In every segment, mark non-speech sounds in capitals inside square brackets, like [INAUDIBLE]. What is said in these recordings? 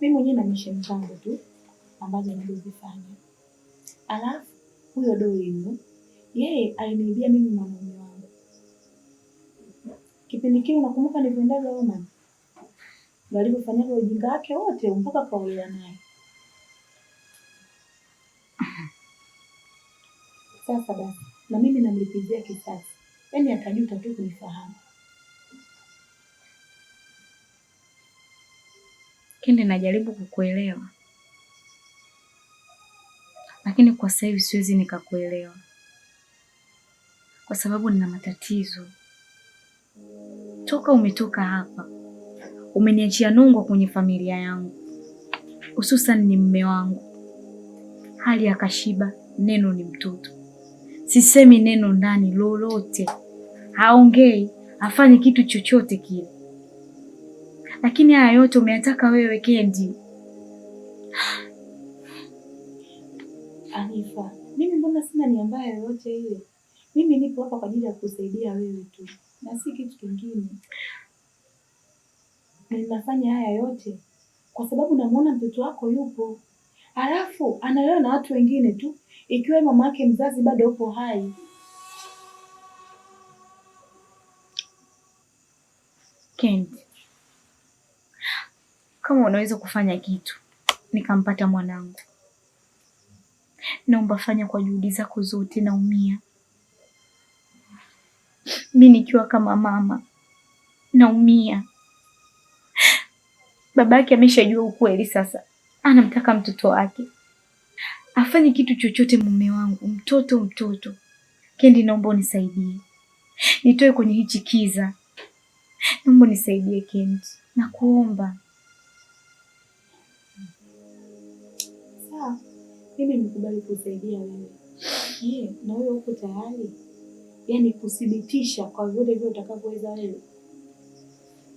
Mimi mwenyewe na mission zangu tu ambazo nazozifanya. Alafu huyo doinu yeye aliniibia mimi mwanaume wangu. Kipindi kile unakumbuka nilivyoendaga Oman, ndio alivyofanyaga ujinga wake wote mpaka kaolewa naye. Sasa basi na mimi namlipizia kisasi, yaani atajuta tu kunifahamu. Kinde najaribu kukuelewa, lakini kwa sasa hivi siwezi nikakuelewa kwa sababu nina matatizo. Toka umetoka hapa, umeniachia nungwa kwenye familia yangu, hususan ni mme wangu. Hali ya kashiba neno ni mtoto, sisemi neno ndani lolote, haongei, hafanyi kitu chochote kile lakini haya yote umeyataka wewe Kendi. Anifa, mimi mbona sina nia mbaya yoyote ile. Mimi nipo hapa kwa ajili ya kusaidia wewe tu na si kitu kingine. Ninafanya haya yote kwa sababu namuona mtoto wako yupo, halafu analelewa na watu wengine tu, ikiwa mama yake mzazi bado yupo hai. Kendi kama unaweza kufanya kitu nikampata mwanangu, naomba fanya kwa juhudi zako zote. Naumia mi nikiwa kama mama, naumia. Babake ameshajua ukweli sasa, anamtaka mtoto wake afanye kitu chochote. Mume wangu, mtoto mtoto Kendi, naomba unisaidie nitoe kwenye hichi kiza, naomba unisaidie Kendi, nakuomba. mimi nimekubali kusaidia wewe. Je, na wewe uko tayari yaani kuthibitisha kwa vyovyote vile utakavyoweza wewe?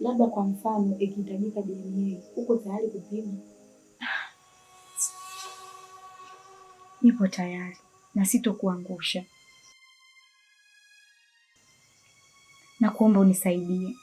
Labda kwa mfano ikihitajika DNA, uko tayari kupima? Nipo tayari na sitokuangusha, na kuomba unisaidie.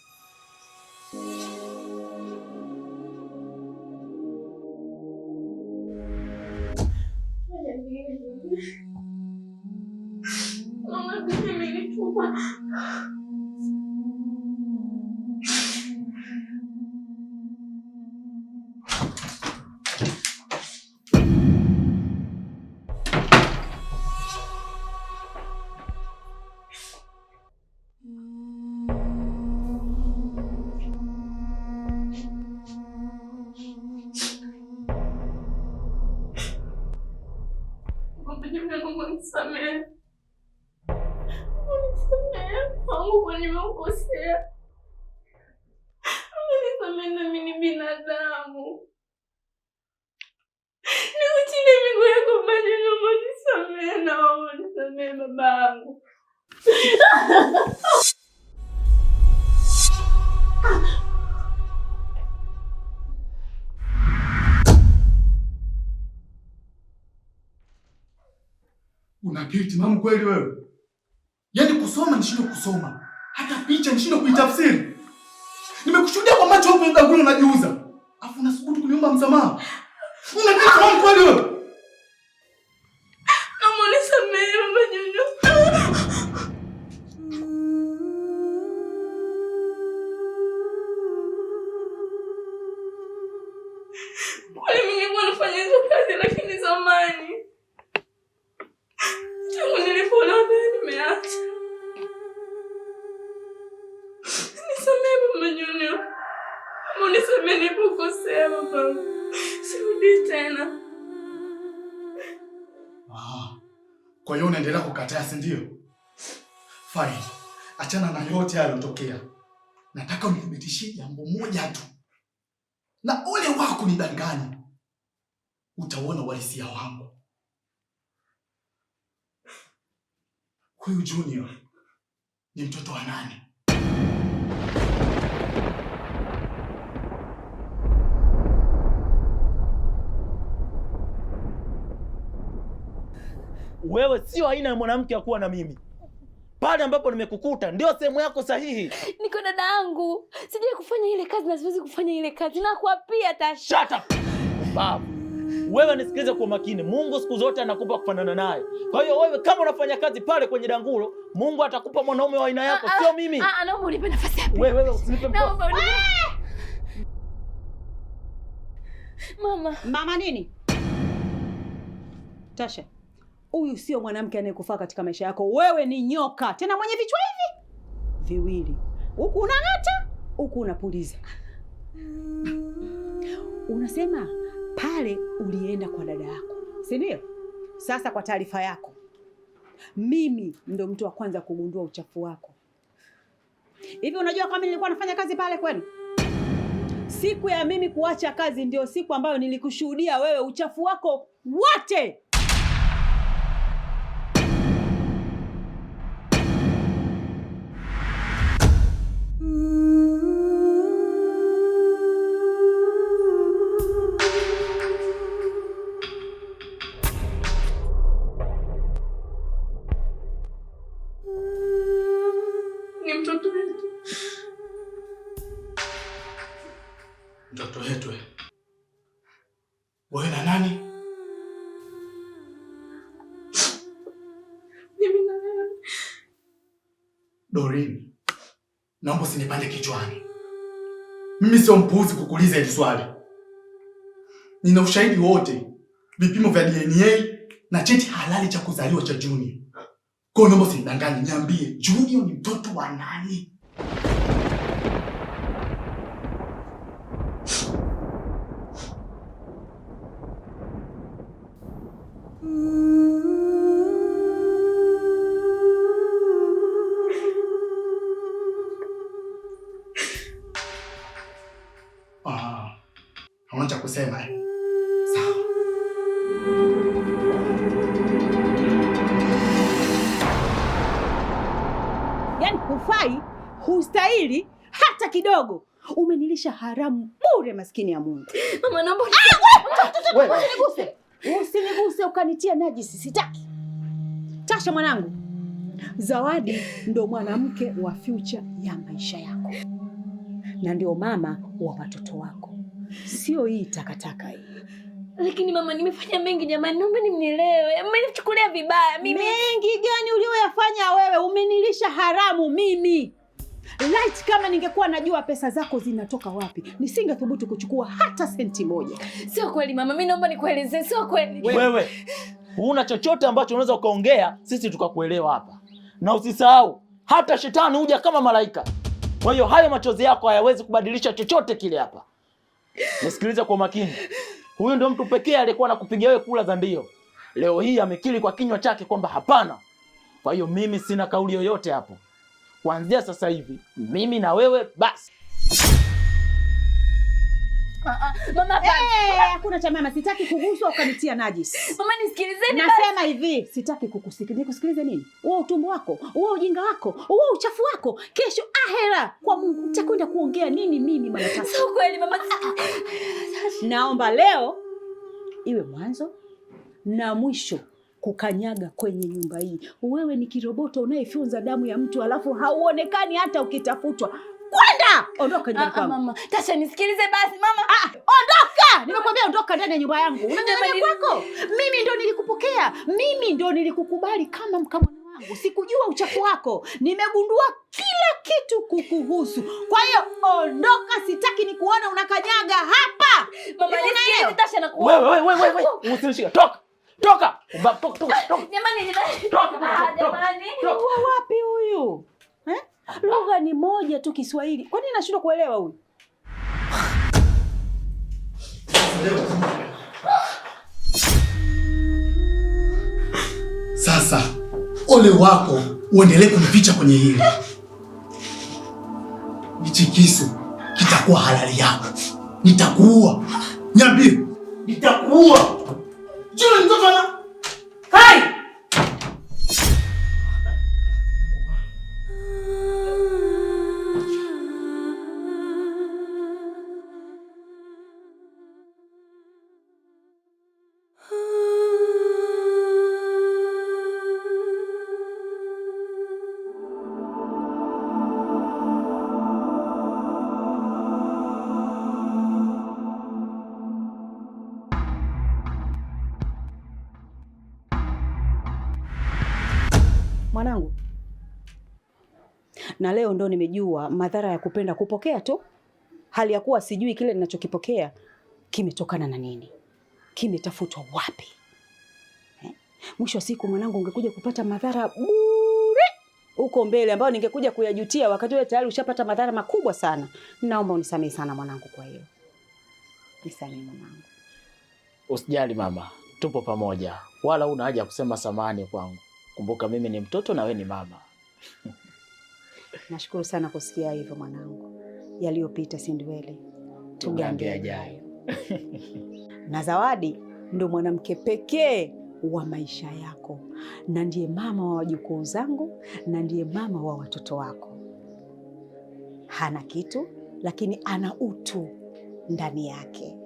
unapiti timamu kweli wewe? Yaani kusoma nishindwe kusoma, hata picha nishindwe kuitafsiri. Nimekushuhudia kwa macho hapo, unajiuza afu unasubutu kuniomba msamaha. Unakiri timamu kweli wewe? Ah, kwa hiyo unaendelea kukataa, si ndio? Fine, achana na yote yaliyotokea. Nataka unithibitishie jambo moja tu, na ule wako ni danganya, utaona uhalisia wangu. Huyu Junior ni mtoto wa nani? wewe sio aina ya mwanamke akuwa na mimi. Pale ambapo nimekukuta ndio sehemu yako sahihi. Niko dada yangu, sijai kufanya ile kazi na siwezi kufanya ile kazi na kuapia Tasha. Shut up. Babu. Wewe nisikilize kwa makini. Mungu siku zote anakupa kufanana naye. Kwa hiyo wewe kama unafanya kazi pale kwenye dangulo, Mungu atakupa mwanaume wa aina yako, ah, ah, sio mimi. Ah, ah, naomba unipe nafasi hapa. Wewe wewe usinipe mkono. Mama. Mama nini? Tasha huyu sio mwanamke anayekufaa katika maisha yako. Wewe ni nyoka, tena mwenye vichwa hivi viwili, huku unang'ata, huku unapuliza. Unasema pale ulienda kwa dada yako, si ndio? Sasa kwa taarifa yako, mimi ndo mtu wa kwanza kugundua uchafu wako. Hivi unajua kama nilikuwa nafanya kazi pale kwenu? Siku ya mimi kuacha kazi ndio siku ambayo nilikushuhudia wewe uchafu wako wote Mm. naomba usinipande kichwani. Mimi sio mpuuzi kukuuliza hili swali. Nina ushahidi wote, vipimo vya DNA na cheti halali cha kuzaliwa cha Junior. Kwa hiyo naomba usinidanganye, niambie Junior ni mtoto wa nani? haunistahili hata kidogo. Umenilisha haramu bure, maskini ya Mungu. Mama naomba ah, usiniguse, usiniguse ukanitia najisi, sitaki. Tasha mwanangu, Zawadi ndo mwanamke wa future ya maisha yako na ndio mama wa watoto wako, sio hii takataka hii. Lakini mama, nimefanya mengi jamani, naomba nimnielewe. Mmenichukulia vibaya mimi. Mengi gani ulioyafanya wewe? Umenilisha haramu mimi Light, kama ningekuwa najua pesa zako zinatoka wapi, nisingethubutu kuchukua hata senti moja. Sio kweli mama, mimi naomba nikueleze, sio kweli. Wewe huna chochote ambacho unaweza ukaongea sisi tukakuelewa hapa, na usisahau hata shetani huja kama malaika. Kwa hiyo hayo machozi yako hayawezi kubadilisha chochote kile hapa. Nisikilize kwa makini, huyu ndio mtu pekee aliyekuwa anakupigia wewe kula za ndio. Leo hii amekiri kwa kinywa chake kwamba hapana. Kwa hiyo mimi sina kauli yoyote hapo kuanzia sasa hivi mimi na wewe basi. Ah, ah, mama eh! ah, hakuna cha mama, sitaki kuguswa ukanitia najisi. Mama nisikilizeni basi. Nasema hivi, sitaki kukusikiliza. Kusikiliza nini? Wewe utumbo wako, wewe ujinga wako, wewe uchafu wako, kesho ahera kwa Mungu utakwenda kuongea nini mimi mama tatu? Sio kweli mama. Naomba leo iwe mwanzo na mwisho kukanyaga kwenye nyumba hii. Wewe ni kiroboto unayefyonza damu ya mtu alafu hauonekani hata ukitafutwa. Kwenda ondoka ah, nyumbani ah, kwangu. Mama, Tasha nisikilize basi mama. Ah, ah, ondoka! Nimekwambia ondoka ndani ya nyumba yangu. Unaenda kwako. Mimi ndo nilikupokea. Mimi ndo nilikukubali kama mkamwana wangu. Sikujua uchafu wako. Nimegundua kila kitu kukuhusu. Kwa hiyo ondoka, sitaki nikuona unakanyaga hapa. Mama, nisikilize Tasha nakuomba. Wewe wewe wewe, usinishike. Toka. Toka! Wapi huyu? Eh? Lugha ni moja tu Kiswahili. Kwa nashindwa kuelewa huyu? Sasa ole wako uendelee kumpicha kwenye hili. Hichi kisu kitakuwa halali yako. Nitakuua. Nyambie. Nitakuua. 就能做官了。mwanangu, na leo ndo nimejua madhara ya kupenda kupokea tu, hali ya kuwa sijui kile ninachokipokea kimetokana na nini, kimetafutwa wapi. Eh? Mwisho wa siku mwanangu, ungekuja kupata madhara bure huko mbele, ambayo ningekuja kuyajutia wakati wewe tayari ushapata madhara makubwa sana. Naomba unisamehe sana mwanangu, kwa hiyo nisamehe mwanangu. Usijali mama, tupo pamoja, wala una haja ya kusema samahani kwangu. Kumbuka mimi ni mtoto na we ni mama. Nashukuru sana kusikia hivyo mwanangu, yaliyopita si ndwele, tugange yajayo. Na Zawadi ndo mwanamke pekee wa maisha yako na ndiye mama wa wajukuu zangu na ndiye mama wa watoto wako. Hana kitu lakini ana utu ndani yake.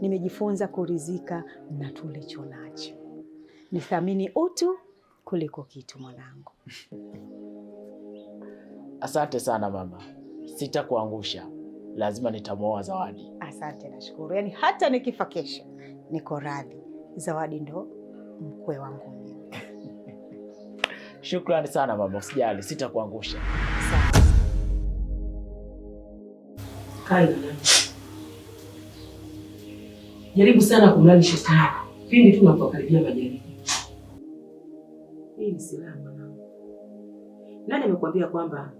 Nimejifunza kuridhika na tulicho nacho, nithamini utu kuliko kitu mwanangu. [LAUGHS] Asante sana mama, sitakuangusha, lazima nitamwoa Zawadi. Asante, nashukuru. Yaani hata nikifa kesho niko radhi, Zawadi ndo mkwe wangu mimi. [LAUGHS] Shukrani sana mama, usijali, sitakuangusha. Jaribu sana kumlani shetani pindi tu napokaribia majaribu hii ni silaha mwanangu. Nani amekwambia kwamba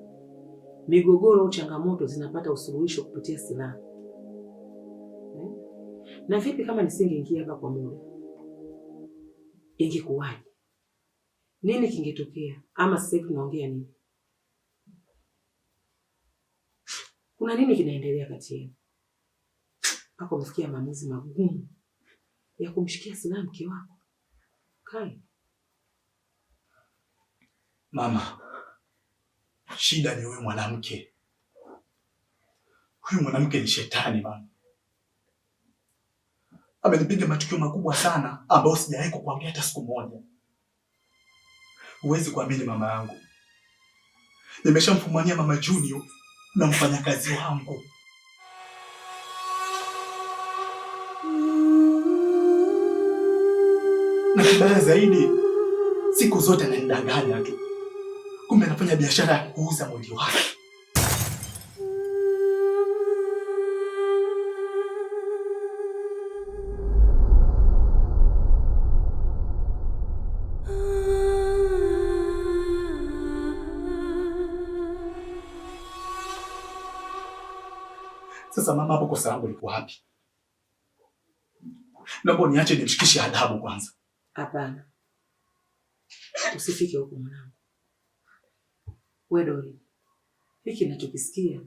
migogoro au changamoto zinapata usuluhisho kupitia silaha? Eh? Na vipi kama nisingeingia hapa kwa muda, ingekuwaje? Nini kingetokea? Ama sasa hivi tunaongea nini? Kuna nini kinaendelea kati yenu mpaka umefikia maamuzi magumu ya kumshikia silaha mke wako? Kai. Mama, shida ni huyu mwanamke. Huyu mwanamke ni shetani mama. Amenipiga matukio makubwa sana ambayo sijawahi kukuambia hata siku moja. Huwezi kuamini mama yangu, nimeshamfumania mama Junior na mfanyakazi wangu na kibaya zaidi, siku zote ananidanganya tu kumbe anafanya biashara ya kuuza mwili wake. Sasa mama, hapo kosa langu liko wapi? Naomba niache nimshikishe adabu kwanza. Hapana, usifike huko mwanangu. We Dori, hiki ninachokisikia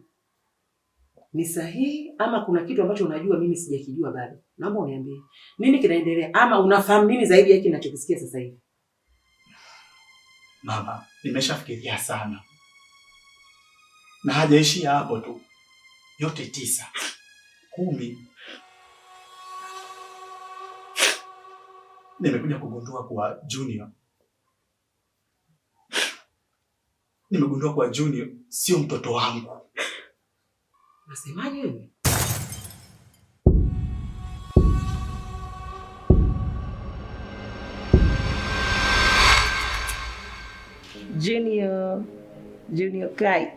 ni sahihi ama kuna kitu ambacho unajua mimi sijakijua bado? Naomba uniambie nini kinaendelea, ama unafahamu nini zaidi ya hiki ninachokisikia sasa hivi? Mama, nimeshafikiria sana na hajaishia hapo tu, yote tisa kumi, nimekuja kugundua kuwa Junior nimegundua kwa Junior sio mtoto wangu. Nasemaje wewe? Junior, Junior Kai. [LAUGHS]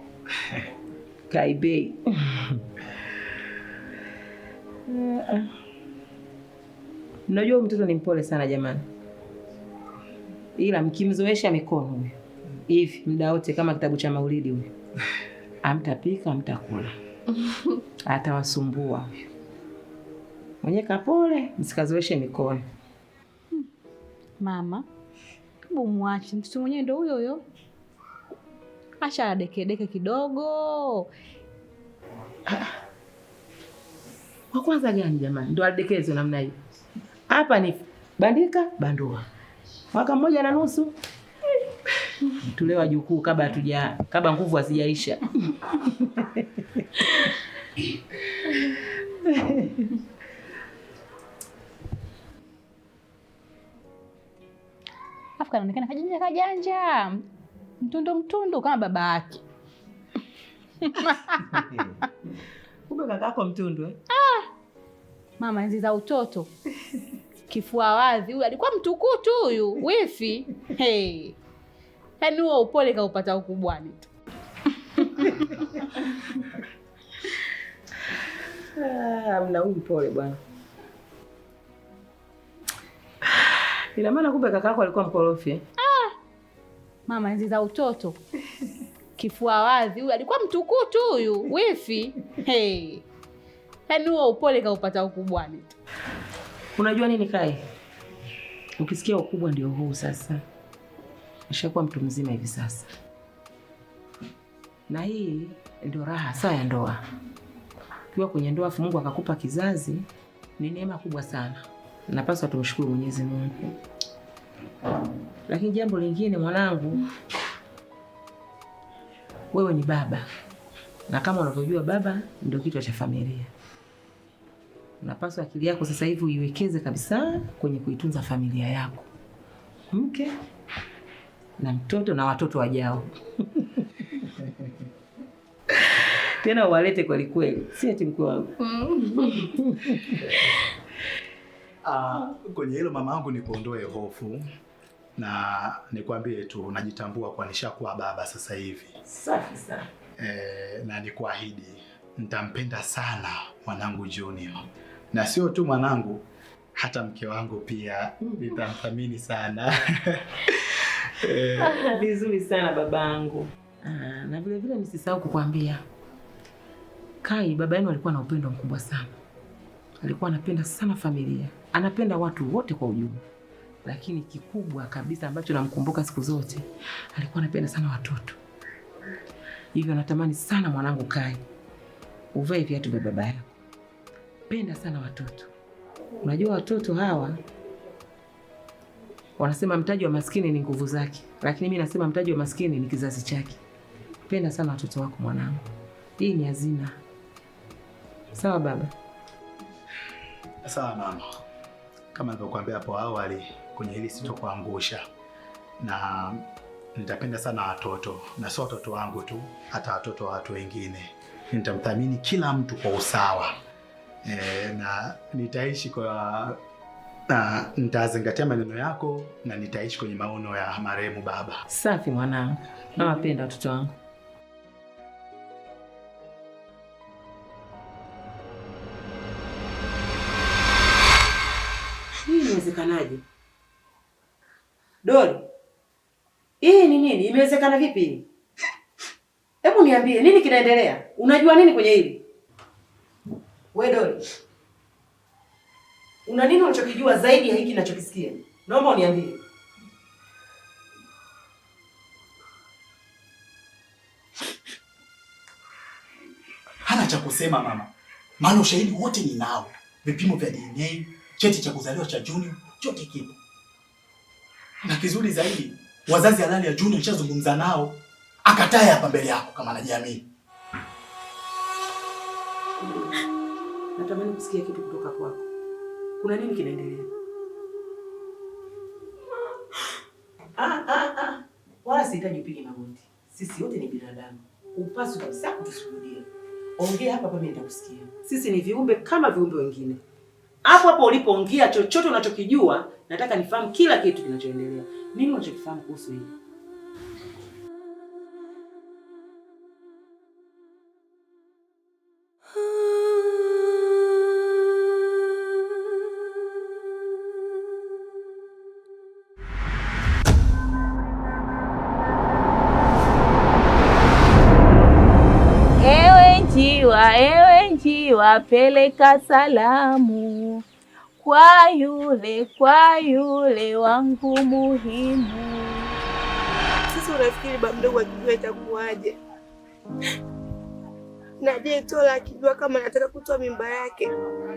Kai Bay. [LAUGHS] Unajua mtoto ni mpole sana jamani, ila mkimzoesha mikono huyo hivi muda wote kama kitabu cha Maulidi huyu. Amtapika, amtakula. [LAUGHS] Atawasumbua huyu. Mwenye kapole, msikazoeshe mikono. Mama, hebu mwache. Mtoto mwenyewe ndio huyo huyo. Asha adekedeke kidogo. Kwa ah, ah. kwanza gani jamani? Ndio adekezwe namna hii Hapa ni bandika bandua. Mwaka mmoja na nusu tulewa jukuu kabla hatuja kabla nguvu hazijaisha. Afu kanaonekana kajanja kajanja, mtundu mtundu kama baba yake. [LAUGHS] Kumbe kakako mtundu eh? Ah, mama, enzi za utoto, kifua wazi. Huyu alikuwa mtukutu, huyu wifi. Hey. Yaani huo upole kaupata ukubwani tu. Amna ah, huyu mpole bwana. Ina maana kumbe kakako alikuwa mkorofi eh? Ah, mama enzi za utoto kifua wazi, huyu alikuwa mtukutu huyu wifi. Hey, yaani huo upole kaupata ukubwani tu. Unajua nini Kai, ukisikia ukubwa ndio huu sasa nishakuwa mtu mzima hivi sasa, na hii ndio raha saa ya ndoa. Ukiwa kwenye ndoa afu Mungu akakupa kizazi, ni neema kubwa sana, napaswa tumshukuru Mwenyezi Mungu. Lakini jambo lingine mwanangu, wewe ni baba, na kama unavyojua baba ndio kichwa cha familia. Unapaswa akili yako sasa hivi uiwekeze kabisa kwenye kuitunza familia yako, mke na mtoto na watoto wajao [LAUGHS] tena uwalete kwelikweli, si ati mkuu wangu. [LAUGHS] Ah, kwenye hilo mama wangu nikuondoe hofu na nikwambie tu najitambua kwa nishakuwa baba sasa hivi. Safi sana. E, na nikuahidi nitampenda sana mwanangu Junior, na sio tu mwanangu, hata mke wangu pia [LAUGHS] nitamthamini sana Eh, [LAUGHS] vizuri sana babangu. Ah, na vile vile msisahau kukwambia Kai, baba yenu alikuwa na upendo mkubwa sana, alikuwa anapenda sana familia, anapenda watu wote kwa ujumla, lakini kikubwa kabisa ambacho namkumbuka siku zote, alikuwa anapenda sana watoto. Hivyo natamani sana mwanangu Kai, uvae viatu vya baba yako, penda sana watoto. Unajua watoto hawa Wanasema mtaji wa maskini ni nguvu zake, lakini mimi nasema mtaji wa maskini ni kizazi chake. Penda sana watoto wako mwanangu, hii ni hazina. Sawa baba? Sawa mama. Kama nilivyokuambia hapo awali, kwenye hili sitokuangusha, na nitapenda sana watoto, na sio watoto wangu tu, hata watoto wa watu wengine. Nitamthamini kila mtu kwa usawa e, na nitaishi kwa na nitazingatia maneno yako na nitaishi kwenye maono ya marehemu baba. Safi mwanangu, nawapenda watoto wangu. Hii inawezekanaje? Dori, hii ni nini? Imewezekana vipi? Hebu niambie, nini kinaendelea? Unajua nini kwenye hili? We Dori Una nini unachokijua zaidi ya hiki ninachokisikia? Naomba uniambie. Hana cha kusema mama, maana ushahidi wote ninao, vipimo vya DNA, cheti cha kuzaliwa cha Junior, chote kipo. Na kizuri zaidi, wazazi halali ya Junior nishazungumza nao, akataa hapa mbele yako kama anajiamini. Natamani kusikia kitu kutoka kwako kuna nini kinaendelea? Ah, ah, ah. Wala sihitaji upige magoti, sisi wote ni binadamu, upaswi kabisa kutusujudia. Ongea hapa hapa, mimi nitakusikia. Sisi ni viumbe kama viumbe wengine. Hapo hapo ulipoongea chochote unachokijua, nataka nifahamu kila kitu kinachoendelea. Nini unachokifahamu kuhusu hili? peleka salamu kwa yule kwa yule wangu muhimu. Sasa unafikiri baba mdogo akijua itakuwaje? Na je, Tola akijua kama nataka kutoa mimba yake,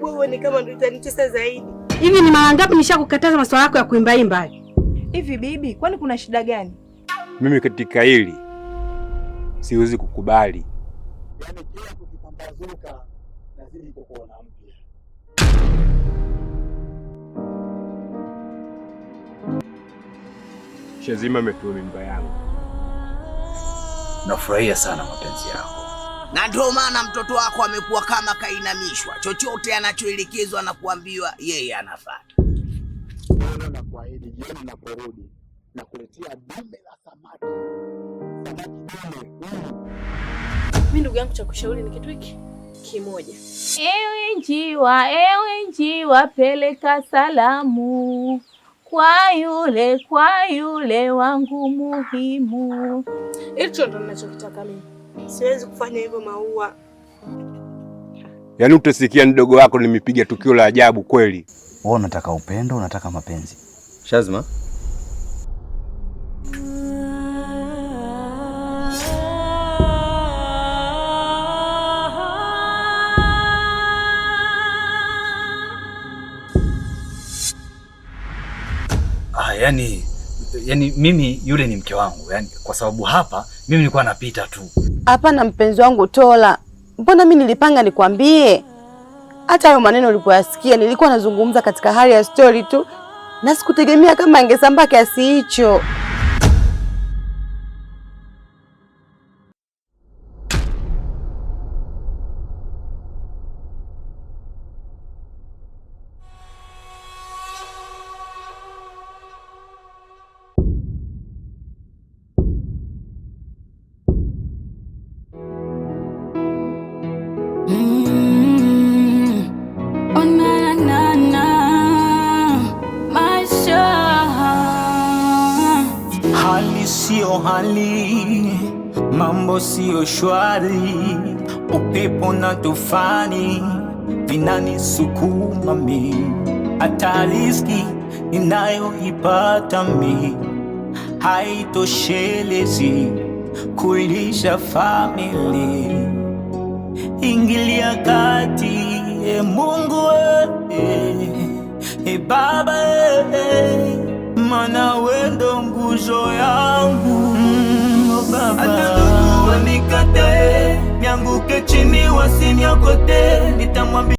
wewe ni kama ndio itanitesa zaidi. Hivi ni mara ngapi nishakukataza maswala yako ya kuimbaimba hivi? Bibi, kwani kuna shida gani? Mimi katika hili siwezi kukubali, yaani kila kukipambazuka kuona mpya. Shazima ametua mimba yangu. Nafurahia sana mapenzi yako, na ndio maana mtoto wako amekuwa kama kainamishwa, chochote anachoelekezwa na kuambiwa yeye anafuata. Nakuahidi jioni naporudi kuletea dume la samaki, samaki Mimi ndugu yangu, cha kushauri ni kitu hiki kimoja. Ewe njiwa, ewe njiwa, peleka salamu kwa yule, kwa yule wangu muhimu. Hicho ndo ninachokitaka mimi, siwezi kufanya hivyo Maua. Yaani utasikia mdogo wako nimepiga tukio la ajabu kweli. Wewe unataka upendo, unataka mapenzi Shazma? Ah, yani yani mimi yule ni mke wangu yani, kwa sababu hapa mimi nilikuwa napita tu. Hapana mpenzi wangu Tola, mbona mimi nilipanga nikwambie. Hata hayo maneno ulipoyasikia, nilikuwa nazungumza katika hali ya stori tu na sikutegemea kama angesambaa kiasi hicho. mbali, mambo siyo shwari, upepo na tufani vinanisukuma mi, hata riziki ninayoipata mi haitoshelezi kulisha famili. Ingilia kati, e Mungu e, e Baba e, mana wendo nguzo yangu hata ndugu wanikatae, nianguke chini wasiniokote, nitamwambia